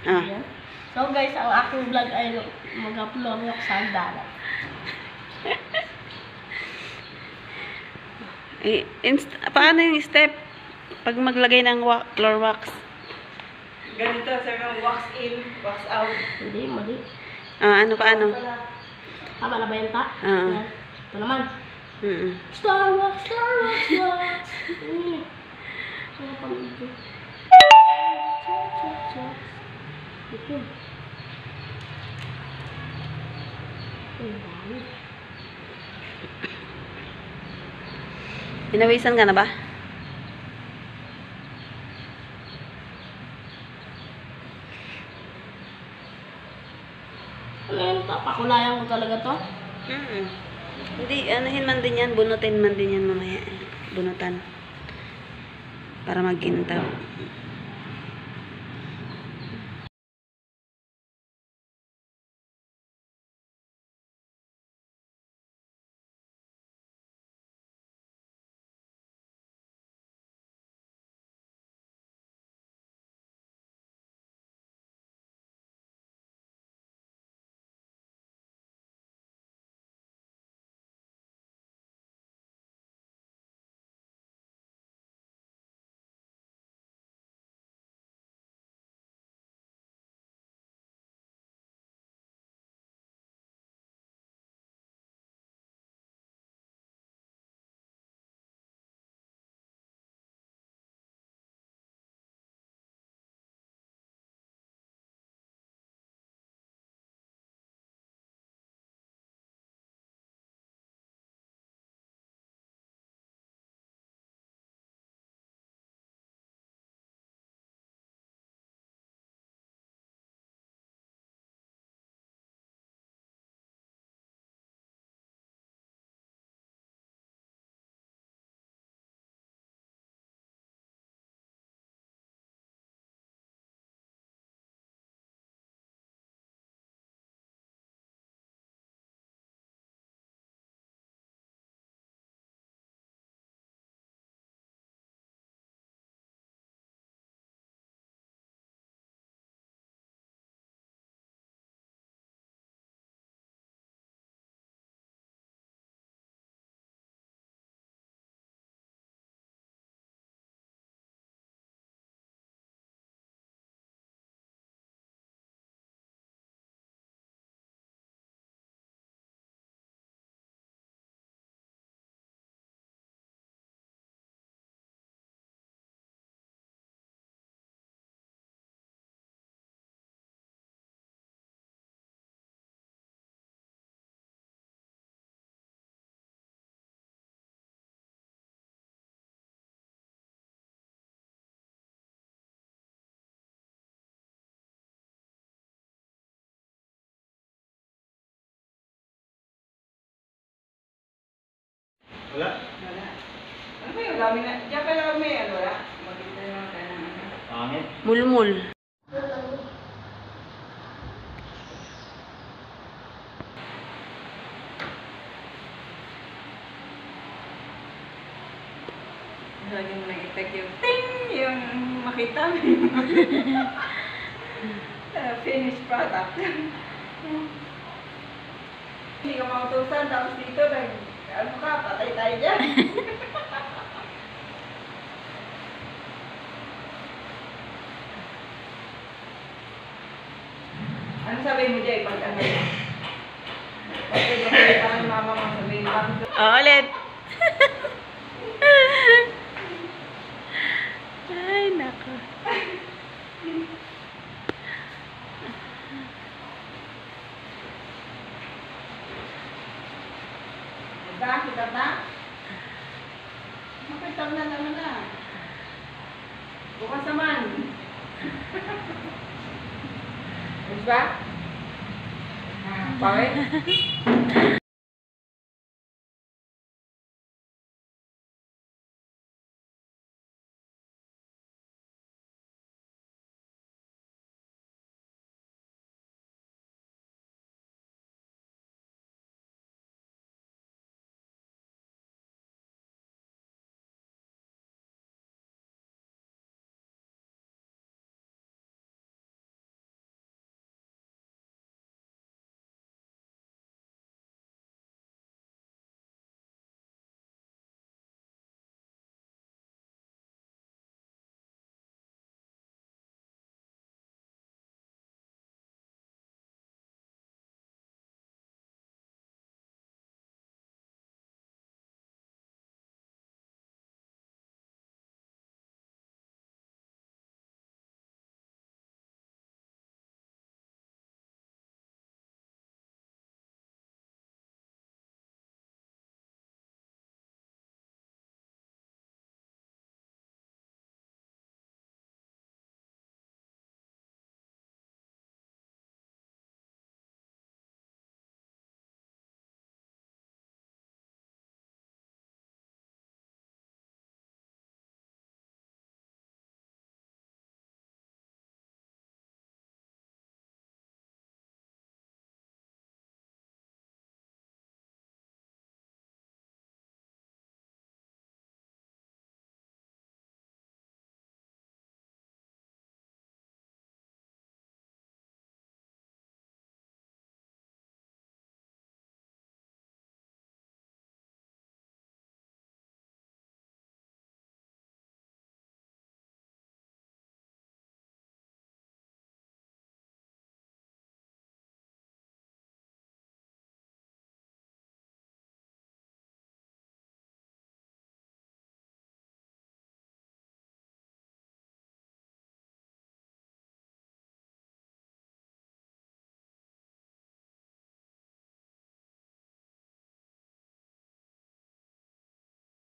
Ah. So guys, ang aking vlog ay mag-upload ako sa dagat. Inst paano yung step pag maglagay ng wa floor wax? Ganito, sir, wax in, wax out. Hindi, mali. Ah, ano paano? Tama na ba yun ta? Oo. Uh -huh. Ito naman. Mm -mm. Star wax, star wax, star wax. Ano pa ito. Inawisan ka na ba? Ayan, papakulayan talaga to. Mm Hindi, anuhin man din yan, bunutin man din yan mamaya. Bunutan. Para magkintab. Wala? Wala. Ano ba yung dami na? Diyan pala kami, ano wala? Maganda naman ka na. Pangit? Mulmul. Lagi mo nang itek yung ting! Yung makita mo yung uh, finished product. Hindi ka makutusan, tapos dito nag, ano ka, patay tayo dyan. ano sabi mo dyan pag ano? Pag ano, pinakita ng mama mo sabihin Oh, ulit. Ay, nako. Dá, dá, dá. Utang na naman na. Ah. Bukas naman. Diba? Ah, pawin.